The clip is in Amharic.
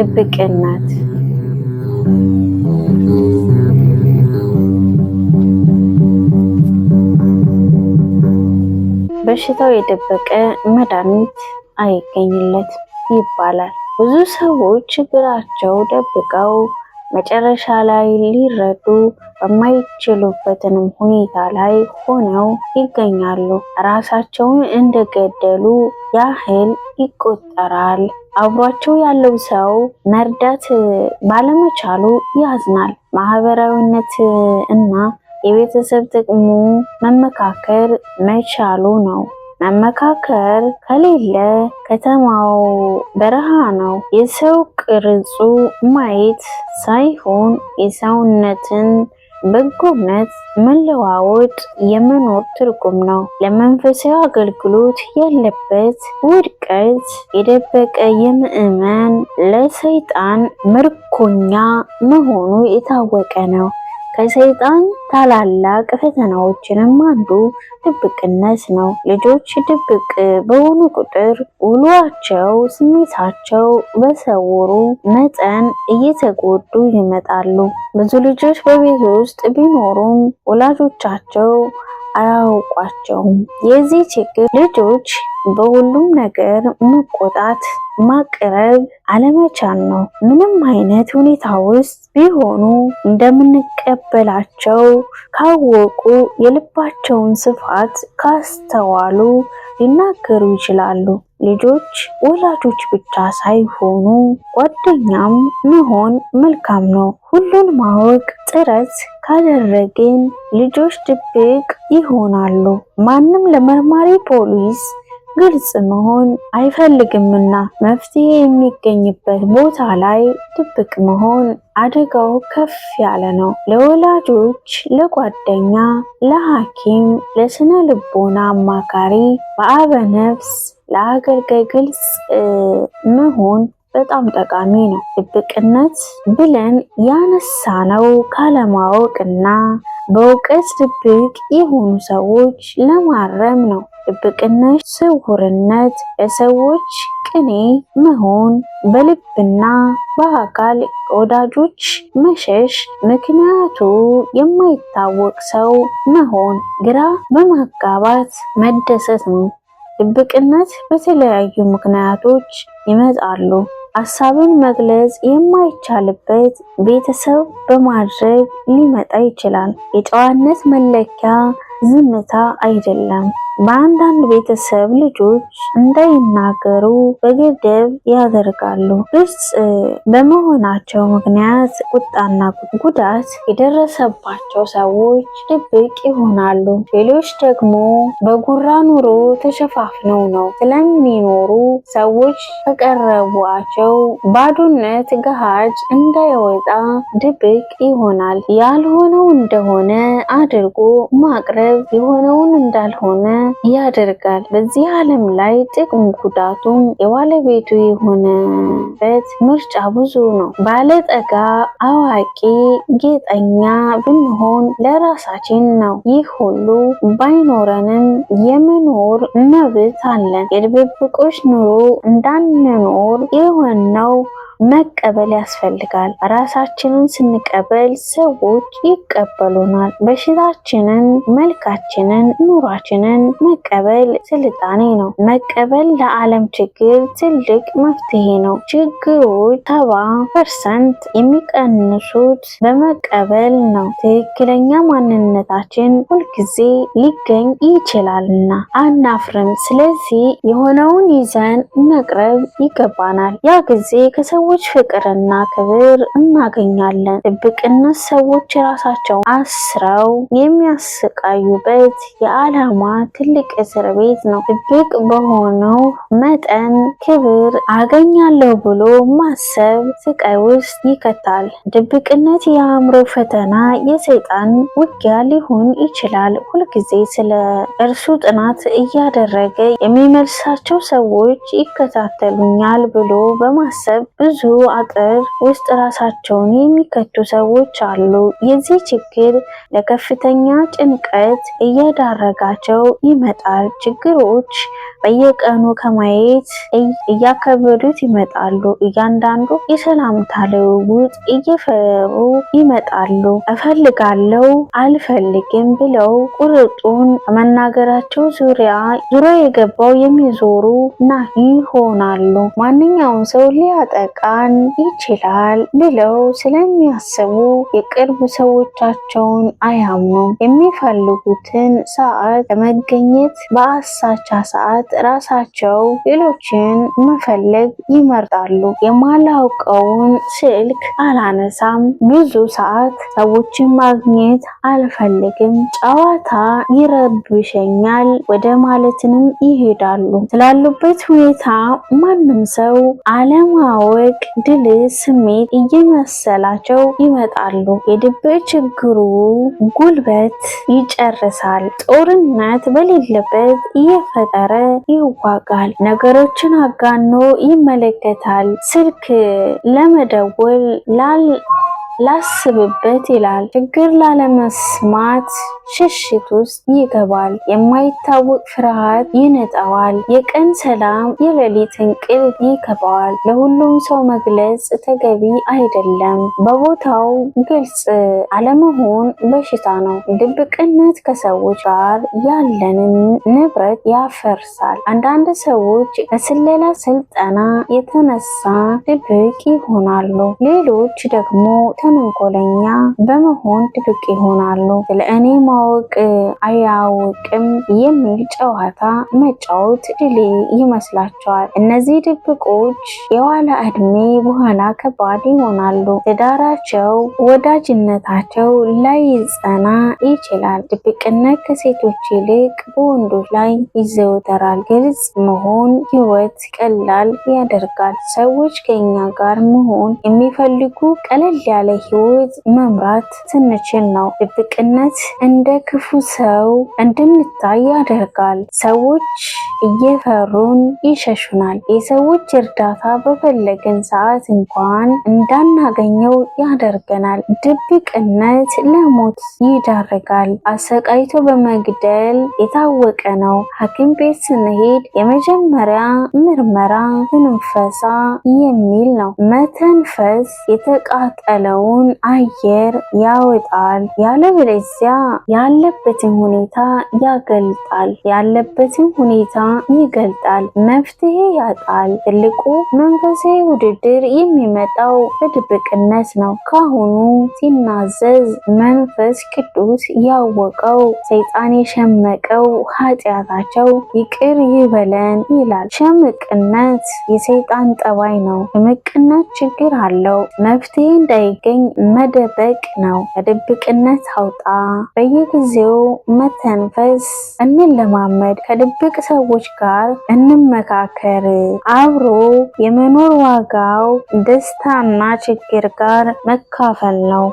ጥብቅነት በሽታው የደበቀ መድኃኒት አይገኝለት ይባላል። ብዙ ሰዎች ችግራቸው ደብቀው መጨረሻ ላይ ሊረዱ በማይችሉበትንም ሁኔታ ላይ ሆነው ይገኛሉ። ራሳቸውን እንደገደሉ ያህል ይቆጠራል። አብሯቸው ያለው ሰው መርዳት ባለመቻሉ ያዝናል። ማህበራዊነት እና የቤተሰብ ጥቅሙ መመካከር መቻሉ ነው። መመካከር ከሌለ ከተማው በረሃ ነው። የሰው ቅርጹ ማየት ሳይሆን የሰውነትን በጎነት መለዋወጥ የመኖር ትርጉም ነው። ለመንፈሳዊ አገልግሎት ያለበት ውድቀት የደበቀ የምዕመን ለሰይጣን ምርኮኛ መሆኑ የታወቀ ነው። ከሰይጣን ታላላቅ ፈተናዎችንም አንዱ ድብቅነት ነው። ልጆች ድብቅ በሆኑ ቁጥር ውሏቸው፣ ስሜታቸው በሰወሩ መጠን እየተጎዱ ይመጣሉ። ብዙ ልጆች በቤት ውስጥ ቢኖሩም ወላጆቻቸው አያውቋቸውም። የዚህ ችግር ልጆች በሁሉም ነገር መቆጣት፣ ማቅረብ አለመቻል ነው። ምንም አይነት ሁኔታ ውስጥ ቢሆኑ እንደምንቀበላቸው ካወቁ፣ የልባቸውን ስፋት ካስተዋሉ ሊናገሩ ይችላሉ። ልጆች ወላጆች ብቻ ሳይሆኑ ጓደኛም መሆን መልካም ነው። ሁሉን ማወቅ ጥረት ካደረግን ልጆች ድብቅ ይሆናሉ። ማንም ለመርማሪ ፖሊስ ግልጽ መሆን አይፈልግምና መፍትሄ የሚገኝበት ቦታ ላይ ድብቅ መሆን አደጋው ከፍ ያለ ነው። ለወላጆች፣ ለጓደኛ፣ ለሐኪም፣ ለስነ ልቦና አማካሪ፣ በአበነፍስ ነፍስ ለአገልጋይ ግልጽ መሆን በጣም ጠቃሚ ነው። ድብቅነት ብለን ያነሳ ነው ካለማወቅና በእውቀት ድብቅ የሆኑ ሰዎች ለማረም ነው። ጥብቅነት፣ ስውርነት፣ የሰዎች ቅኔ መሆን፣ በልብና በአካል ወዳጆች መሸሽ፣ ምክንያቱ የማይታወቅ ሰው መሆን፣ ግራ በማጋባት መደሰት ነው። ጥብቅነት በተለያዩ ምክንያቶች ይመጣሉ። ሀሳብን መግለጽ የማይቻልበት ቤተሰብ በማድረግ ሊመጣ ይችላል። የጨዋነት መለኪያ ዝምታ አይደለም። በአንዳንድ ቤተሰብ ልጆች እንዳይናገሩ በገደብ ያደርጋሉ። ግልጽ በመሆናቸው ምክንያት ቁጣና ጉዳት የደረሰባቸው ሰዎች ድብቅ ይሆናሉ። ሌሎች ደግሞ በጉራ ኑሮ ተሸፋፍነው ነው ስለሚኖሩ ሰዎች ከቀረቧቸው ባዶነት ገሃድ እንዳይወጣ ድብቅ ይሆናል። ያልሆነው እንደሆነ አድርጎ ማቅረብ የሆነውን እንዳልሆነ ያደርጋል። በዚህ ዓለም ላይ ጥቅሙ ጉዳቱም የባለቤቱ የሆነበት ምርጫ ብዙ ነው። ባለጠጋ፣ አዋቂ፣ ጌጠኛ ብንሆን ለራሳችን ነው። ይህ ሁሉ ባይኖረንም የመኖር መብት አለን። የድብብቆች ኑሮ እንዳንኖር የሆነው መቀበል ያስፈልጋል። ራሳችንን ስንቀበል ሰዎች ይቀበሉናል። በሽታችንን፣ መልካችንን፣ ኑሯችንን መቀበል ስልጣኔ ነው። መቀበል ለዓለም ችግር ትልቅ መፍትሄ ነው። ችግሮች ሰባ ፐርሰንት የሚቀንሱት በመቀበል ነው። ትክክለኛ ማንነታችን ሁልጊዜ ሊገኝ ይችላልና አናፍርም። ስለዚህ የሆነውን ይዘን መቅረብ ይገባናል። ያ ጊዜ ከሰው ሰዎች ፍቅርና ክብር እናገኛለን። ድብቅነት ሰዎች ራሳቸው አስረው የሚያሰቃዩበት የዓላማ ትልቅ እስር ቤት ነው። ድብቅ በሆነው መጠን ክብር አገኛለሁ ብሎ ማሰብ ስቃይ ውስጥ ይከታል። ድብቅነት የአእምሮ ፈተና፣ የሰይጣን ውጊያ ሊሆን ይችላል። ሁልጊዜ ስለ እርሱ ጥናት እያደረገ የሚመልሳቸው ሰዎች ይከታተሉኛል ብሎ በማሰብ ብዙ በብዙ አጥር ውስጥ ራሳቸውን የሚከቱ ሰዎች አሉ። የዚህ ችግር ለከፍተኛ ጭንቀት እየዳረጋቸው ይመጣል። ችግሮች በየቀኑ ከማየት እያከበዱት ይመጣሉ። እያንዳንዱ የሰላምታ ልውውጥ እየፈሩ ይመጣሉ። እፈልጋለው አልፈልግም ብለው ቁርጡን መናገራቸው ዙሪያ ዙሪያ የገባው የሚዞሩ ና ይሆናሉ። ማንኛውም ሰው ሊያጠቃ ሊያጠቃን ይችላል ብለው ስለሚያስቡ የቅርብ ሰዎቻቸውን አያምኑም። የሚፈልጉትን ሰዓት ለመገኘት በአሳቻ ሰዓት ራሳቸው ሌሎችን መፈለግ ይመርጣሉ። የማላውቀውን ስልክ አላነሳም፣ ብዙ ሰዓት ሰዎችን ማግኘት አልፈልግም፣ ጨዋታ ይረብሸኛል ወደ ማለትንም ይሄዳሉ። ስላሉበት ሁኔታ ማንም ሰው አለማወቅ ትልቅ ድል ስሜት እየመሰላቸው ይመጣሉ። የድብቅ ችግሩ ጉልበት ይጨርሳል። ጦርነት በሌለበት እየፈጠረ ይዋጋል። ነገሮችን አጋኖ ይመለከታል። ስልክ ለመደወል ላል ላስብበት ይላል። ችግር ላለመስማት ሽሽት ውስጥ ይገባል። የማይታወቅ ፍርሃት ይነጠዋል። የቀን ሰላም የሌሊት እንቅልፍ ይከባዋል። ለሁሉም ሰው መግለጽ ተገቢ አይደለም። በቦታው ግልጽ አለመሆን በሽታ ነው። ድብቅነት ከሰዎች ጋር ያለንን ንብረት ያፈርሳል። አንዳንድ ሰዎች ከስለላ ስልጠና የተነሳ ድብቅ ይሆናሉ፣ ሌሎች ደግሞ ተንኮለኛ በመሆን ትልቅ ይሆናሉ። ስለ እኔ ማወቅ አያውቅም የሚል ጨዋታ መጫወት ድሌ ይመስላቸዋል። እነዚህ ድብቆች የኋላ እድሜ በኋላ ከባድ ይሆናሉ። ትዳራቸው፣ ወዳጅነታቸው ላይ ይጸና ይችላል። ድብቅነት ከሴቶች ይልቅ በወንዶች ላይ ይዘወተራል። ግልጽ መሆን ህይወት ቀላል ያደርጋል። ሰዎች ከኛ ጋር መሆን የሚፈልጉ ቀለል ያለ ህይወት መምራት ስንችል ነው። ድብቅነት እንደ ክፉ ሰው እንድንታይ ያደርጋል። ሰዎች እየፈሩን ይሸሹናል። የሰዎች እርዳታ በፈለግን ሰዓት እንኳን እንዳናገኘው ያደርገናል። ድብቅነት ለሞት ይዳርጋል። አሰቃይቶ በመግደል የታወቀ ነው። ሐኪም ቤት ስንሄድ የመጀመሪያ ምርመራ ትንፈሳ የሚል ነው። መተንፈስ የተቃጠለው ያለውን አየር ያወጣል። ያለበለዚያ ያለበትን ሁኔታ ያገልጣል፣ ያለበትን ሁኔታ ይገልጣል፣ መፍትሄ ያጣል። ትልቁ መንፈሳዊ ውድድር የሚመጣው በድብቅነት ነው። ካሁኑ ሲናዘዝ መንፈስ ቅዱስ ያወቀው ሰይጣን የሸመቀው ኃጢአታቸው ይቅር ይበለን ይላል። ሸምቅነት የሰይጣን ጠባይ ነው። ሸምቅነት ችግር አለው። መፍትሄ እንዳይገኝ ያለኝ መደበቅ ነው። ከድብቅነት አውጣ። በየጊዜው መተንፈስ እንለማመድ። ከድብቅ ሰዎች ጋር እንመካከር። አብሮ የመኖር ዋጋው ደስታና ችግር ጋር መካፈል ነው።